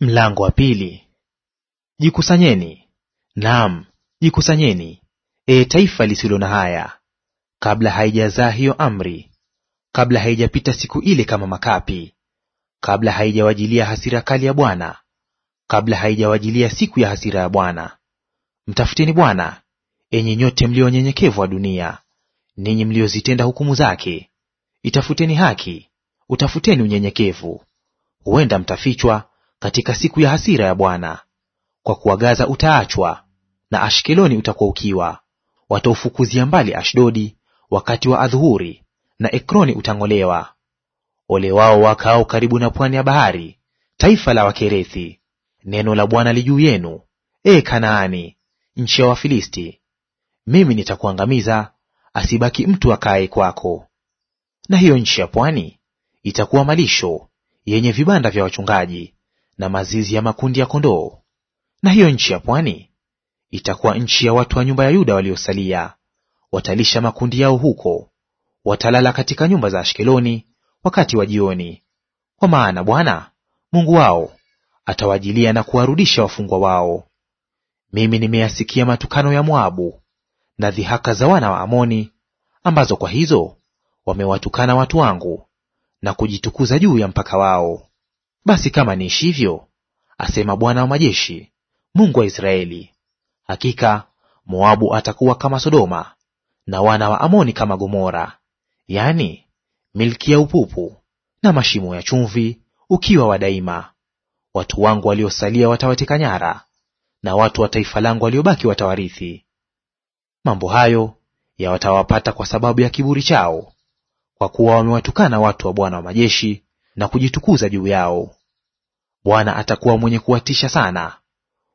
Mlango wa pili. Jikusanyeni, naam jikusanyeni, e taifa lisilo na haya, kabla haijazaa hiyo amri, kabla haijapita siku ile kama makapi, kabla haijawajilia hasira kali ya Bwana, kabla haijawajilia siku ya hasira ya Bwana. Mtafuteni Bwana, enyi nyote mlio wa dunia, ninyi mliozitenda hukumu zake. Itafuteni haki, utafuteni unyenyekevu, huenda mtafichwa katika siku ya hasira ya Bwana. Kwa kuwa Gaza utaachwa na Ashkeloni utakuwa ukiwa. Wataufukuzia mbali Ashdodi wakati wa adhuhuri, na Ekroni utang'olewa. Ole wao wakao karibu na pwani ya bahari, taifa la Wakerethi. Neno la Bwana li juu yenu, e Kanaani, nchi ya Wafilisti. Mimi nitakuangamiza, asibaki mtu akaye kwako. Na hiyo nchi ya pwani itakuwa malisho yenye vibanda vya wachungaji, na mazizi ya makundi ya kondoo. Na hiyo nchi ya pwani itakuwa nchi ya watu wa nyumba ya Yuda waliosalia; watalisha makundi yao huko, watalala katika nyumba za Ashkeloni wakati wa jioni, kwa maana Bwana Mungu wao atawajilia na kuwarudisha wafungwa wao. Mimi nimeyasikia matukano ya Moabu na dhihaka za wana wa Amoni, ambazo kwa hizo wamewatukana watu wangu na kujitukuza juu ya mpaka wao. Basi kama niishivyo, asema Bwana wa majeshi, Mungu wa Israeli, hakika Moabu atakuwa kama Sodoma na wana wa Amoni kama Gomora, yani milki ya upupu na mashimo ya chumvi, ukiwa wa daima. Watu wangu waliosalia watawateka nyara, na watu wa taifa langu waliobaki watawarithi. Mambo hayo yawatawapata kwa sababu ya kiburi chao, kwa kuwa wamewatukana watu wa Bwana wa majeshi na kujitukuza juu yao. Bwana atakuwa mwenye kuwatisha sana,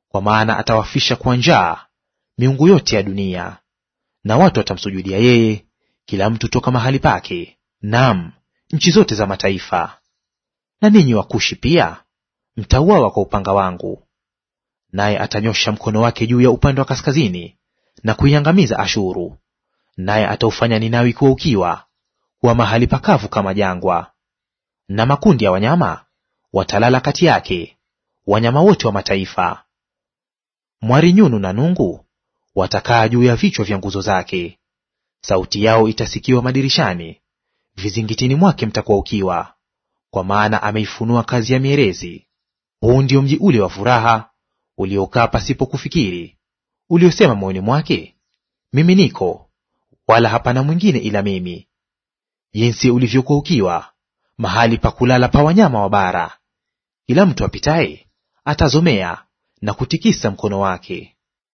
kwa maana atawafisha kwa njaa miungu yote ya dunia, na watu watamsujudia yeye, kila mtu toka mahali pake, naam, nchi zote za mataifa. Na ninyi Wakushi pia mtauawa kwa upanga wangu. Naye atanyosha mkono wake juu ya upande wa kaskazini na kuiangamiza Ashuru, naye ataufanya Ninawi kuwa ukiwa, kuwa mahali pakavu kama jangwa na makundi ya wanyama watalala kati yake, wanyama wote wa mataifa. Mwarinyunu na nungu watakaa juu ya vichwa vya nguzo zake. Sauti yao itasikiwa madirishani, vizingitini mwake mtakuwa ukiwa, kwa maana ameifunua kazi ya mierezi. Huu ndio mji ule wa furaha uliokaa pasipo kufikiri, uliosema moyoni mwake, mimi niko, wala hapana mwingine ila mimi. Jinsi ulivyokuwa ukiwa, mahali pa kulala pa wanyama wa bara. Kila mtu apitaye atazomea na kutikisa mkono wake.